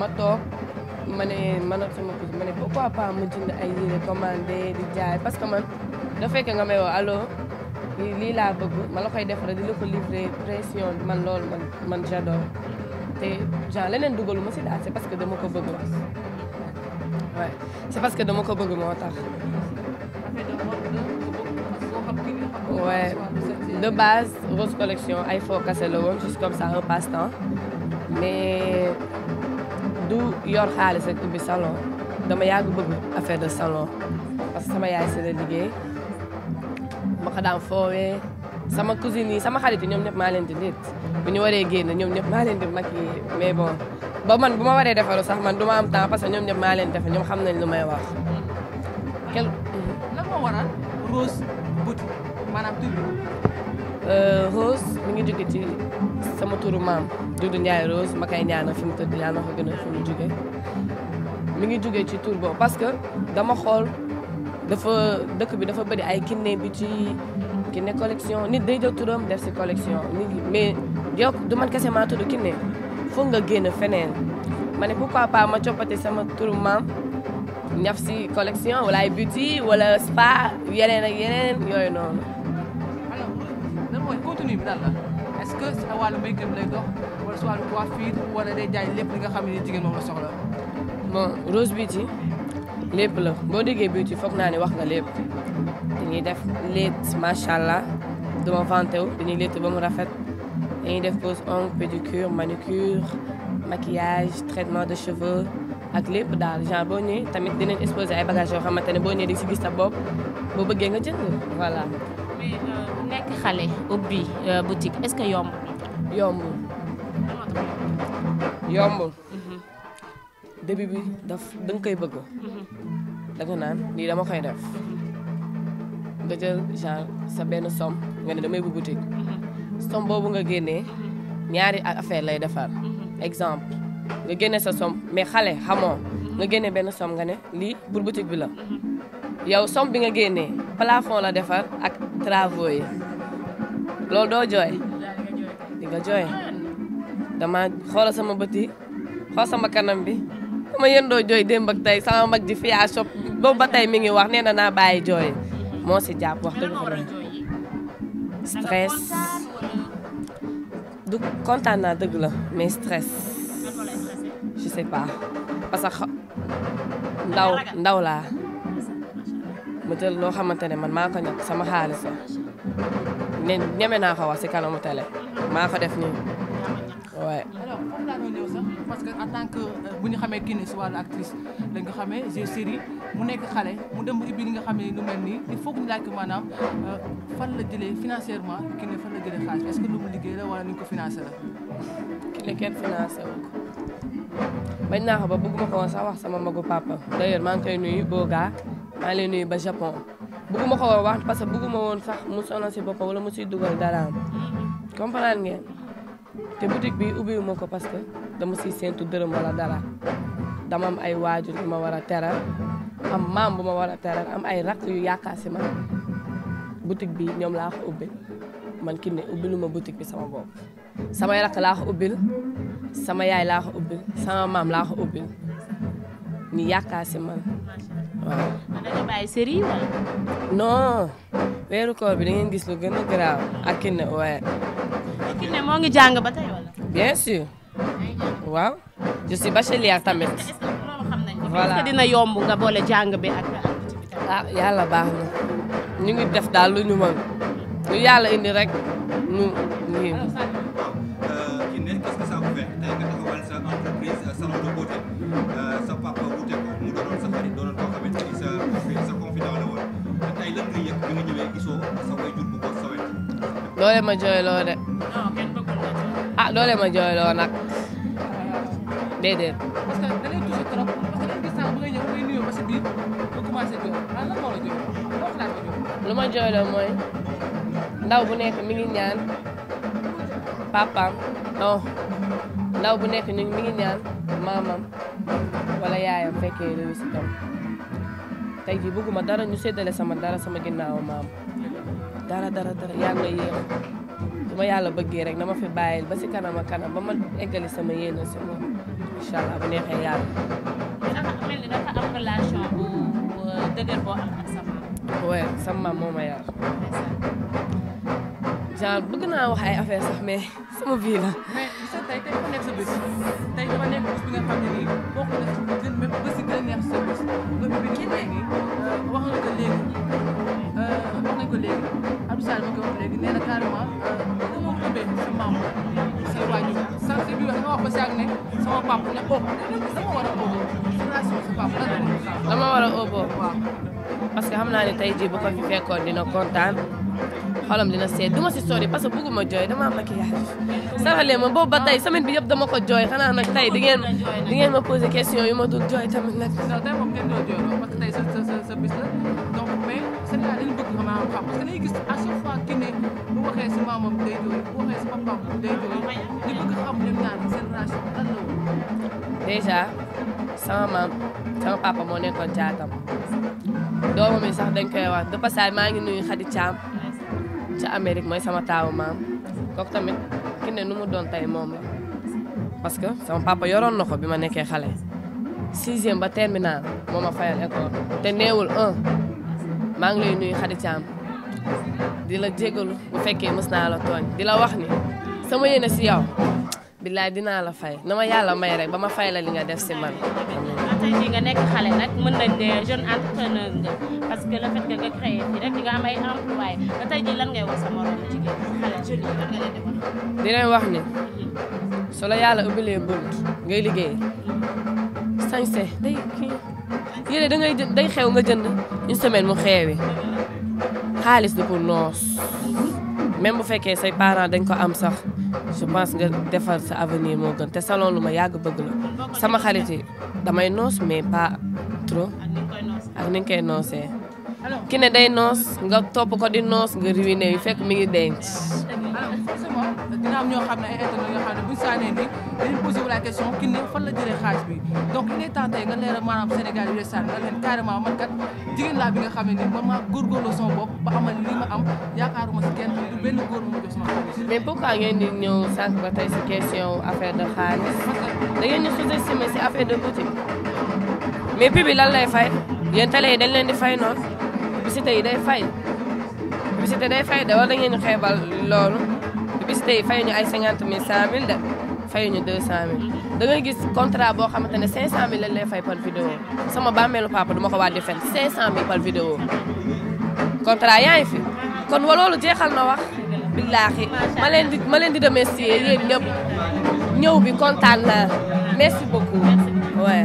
ma toog ma ne man ak sama cousin ma ne pourquoi pas ma jënd ay yére commandé di jaay parce que man da fekk nga may woo alo lii lii laa bëgg ma la koy defaree di la ko livré pression man loolu man man j'adore te genre leneen dugalu ma si daal c'est parce que dama ko bëgg parce que dama ko bëgg moo tax. Ouais. De base Rose Collection ay fo kase la woon juste comme ça un passe-temps mais. du yor xaalis rek ubbi salon dama yàgg bëgg affaire de salon parce que sama yaay si la liggéey ma ko daan foowee sama cousine yi sama xarit yi ñoom ñëpp maa leen di nit bu ñu waree génn ñoom ñëpp maa leen di maquiller mais bon ba man bu ma waree defaru sax man du ma am temps parce que ñoom ñëpp maa leen defe ñoom xam nañ lu may wax. kel lan moo waral rose boutique maanaam tur euh, bi. ngi jóge ci sama turu maam Doudou Ndiaye Rose ma koy ñaanal fi mu tëdd yàlla na ko fi mu jóge mi ngi jóge ci tur boobu parce que dama xool dafa dëkk bi dafa bëri ay kinne bi ci kinne collection ni day jël turam def si collection mais yokk du man kese maa tudd kinne foog nga génn feneen ma ne pourquoi pas ma coppati sama turu maam ñaf si collection wala ay beauty wala spa yeneen ak yeneen noonu tenue bi lan la est-ce que sa wàllu make-up lay dox wala sa wàllu coiffure wala day jaay lépp li nga xam ne jigéen moom la soxla. bon Rose Beauty lépp la boo déggee ci foog naa ne wax nga lépp dañuy def létt macha allah duma vanté wu dañuy létt ba mu rafet dañuy def pose ongle pédicure manucure maquillage traitement de cheveux ak lépp daal genre boo ñëwee tamit dinañ exposé ay bagages yoo xamante ne boo ñëwee di si gis sa bopp boo bëggee nga jënd voilà. mais euh, nekk xale ubbi euh, boutique est-ce que yomb. yombul. yombul. Mhm. début bi daf da koy bëgg. Mhm. da nga lii dama koy def. Mhm. nga jël genre sa benn somme nga ne damay bu boutique. somme boobu nga génne ñaari affaire lay defar. exemple nga génne sa somme mais xale xamoo. nga génne benn somme nga ne lii pour boutique bi la. yow somme bi nga génnee plafond la defar travaux yi doo jooy di nga jooy dama xoolal sama bët xool sama kanam bi dama yëndoo jooy démb ak tey sama mag ji fiyaa sob boobu ba tey mi ngi wax nee na naa bàyyi jooy moo si jàpp wax dëgg xam stress du kontaan naa dëgg la mais stress je pas parce que ndaw ndaw laa ma loo xamante ne man maa ko ñàkk sama xaalis la naa ko wax si kanamu maa ko def nii waaye. que en tant que euh, bu ñu xamee kii nii si wàllu nga xamee j'ai mu nekk xale mu dem ubbi nga xam ne lu mel nii il faut que ñu laaj euh, fan la jëlee financièrement ki nii fan la jëlee xaalis est que lu mu liggéey la wala ni ko financé la. kii la kenn naa ko ba bëgguma ko woon sax wax sama magu papa d'ailleurs maa ngi koy nuyu Boga. maa ngi lay nuyu ba Japon bugguma ko woon wax parce que bugguma woon sax mu sonal si boppam wala mu siy dugal daraam comprendre ngeen te boutique bi ubbiwuma ko parce que dama siy séntu dërëm wala dara dama am ay waajur yu ma war a teral am maam bu ma war a teral am ay rakk yu yaakaar si ma boutique bi ñoom laa ko ubbi man ki ne ubbiluma boutique bi sama bopp samay rakk laa ubbil sama yaay laa ko ubbil sama maam laa ko ubbil ñu yaakaar si man waaw. man da weeru koor bi da ngeen gis lu gën a garaaw ak Kiné waaye. Kiné moo ngi jàng ba tey wala. bien waaw je suis bachelière tamit. voilà nga boole jàng bi ak. ah yàlla baax na ñu ngi def daal lu ñu mën lu yàlla indi rek ñu. loole ma jooyloo de ah loole ma jooyloo nag déedéet. parce que da ngay touché trop parce que lu ma jooyloo mooy ndaw bu nekk mi ngi ñaan papaam non ndaw bu nekk ñu mi ngi ñaan maamam wala yaayam fekkee réussite am tey jii bëgguma dara ñu séddale sama dara sama ginnaaw maam. dara dara dara yàlla yéex su ma yàlla bëggee rek na ma fi bàyyil ba si kanam a kanam ba ma eggali sama yéene si moom incha allah bu neexee yàlla. dina ko mel ni dafa am relation bu euh, dëgër boo am ak sa maam. waaw sa maam moo ma yar. genre bëgg naa wax ay affaire sax mais sama vie la. mais monsieur tey tey dafa nekk sa bés tey dafa nekk bés bi nga xam ne nii bokk na ci gën même bés yi gën a neex sa bés. bés bi ni mu euh, wax nga ko léegi euh, wax nañ ko léegi. Euh, dama sama papa ne ëpp dama war a ëppoo relation sa que xam naa ne tey jii bu ko fekkoon dina kontaan xolam dina seet du duma si sori parce que bëgguma jooy dama am maquillage saralee ma boobu ba tey semaine bi yëpp dama ko jooy xanaa nag tey di ngeen di ngeen ma posé question yu ma dul jooy tamit nag. non tey moom kenn doo jooy parce que sa sa sa bis la. maamam dèjà sama maam sama papa moo nekkoon caatam doomam yi sax dañ koy wax de passage maa ngi nuyu Khady ca Amérique mooy sama taawu maam kooku tamit nu mu doon tey moom la parce que sama papa yoroon na bi ma nekkee xale sixième ba terminal moo ma fayal école te neewul un. maa ngi lay nuyu Khady Thiam di la jégalu bu fekkee mës naa la tooñ di la wax ni sama yéene si yow billaay dinaa la fay na ma yàlla may rek ba ma fay la li nga def si man. tey jii nga nekk xale nag mën nañ wax sa di wax. wax ni su yàlla ubbilee bunt ngay liggéey sañse day da ngay jënd day xew nga jënd ñu semaine mu xeewi xaalis du ko noos même bu fekkee say parents dañ ko am sax su pense nga defar sa avenir moo gën te salon lu ma yàgg bëgg la sama xarit yi damay noos mais pas trop ak ni koy noosee ki ne day noos nga topp ko di noos nga ruiné yu fekk mi ngi denc dina am ñoo xam ne ay internet yoo xam ne buñ saanee nii dañu posé wu la question ki ne fan la jëlee xaalis bi donc il est temps tey nga leeral maanaam Sénégal yu restaan laa bi nga xam ne nii man maa góorgóorloo sama bopp ba amal li ma am yaakaaruma si kenn du benn góor mu jox sama xaalis mais pourquoi ngeen di ñëw sànq ba tey si question affaire de da ngeen ñu sous-estimé si affaire de boutique mais pub bi lan lay fay yéen télé yi dañ leen di fay noonu publicité yi day fay publicité day fay da war da ngeen xeebal loolu piste yi fay ñu ay cinquante mille cent mille de fay ñu deux cent mille da ngay gis contrat boo xamante ne cinq cent mille lañ lay fay par vidéo sama bàmmeelu papa du ma ko waat di fen cinq cent mille par vidéo contrat yaa ngi fi kon waloolu jeexal na wax billaahi ma leen di ma leen di remercier yéen ñëpp ñëw bi kontaan naa merci beaucoup ouais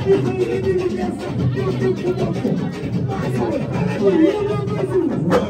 Thank you.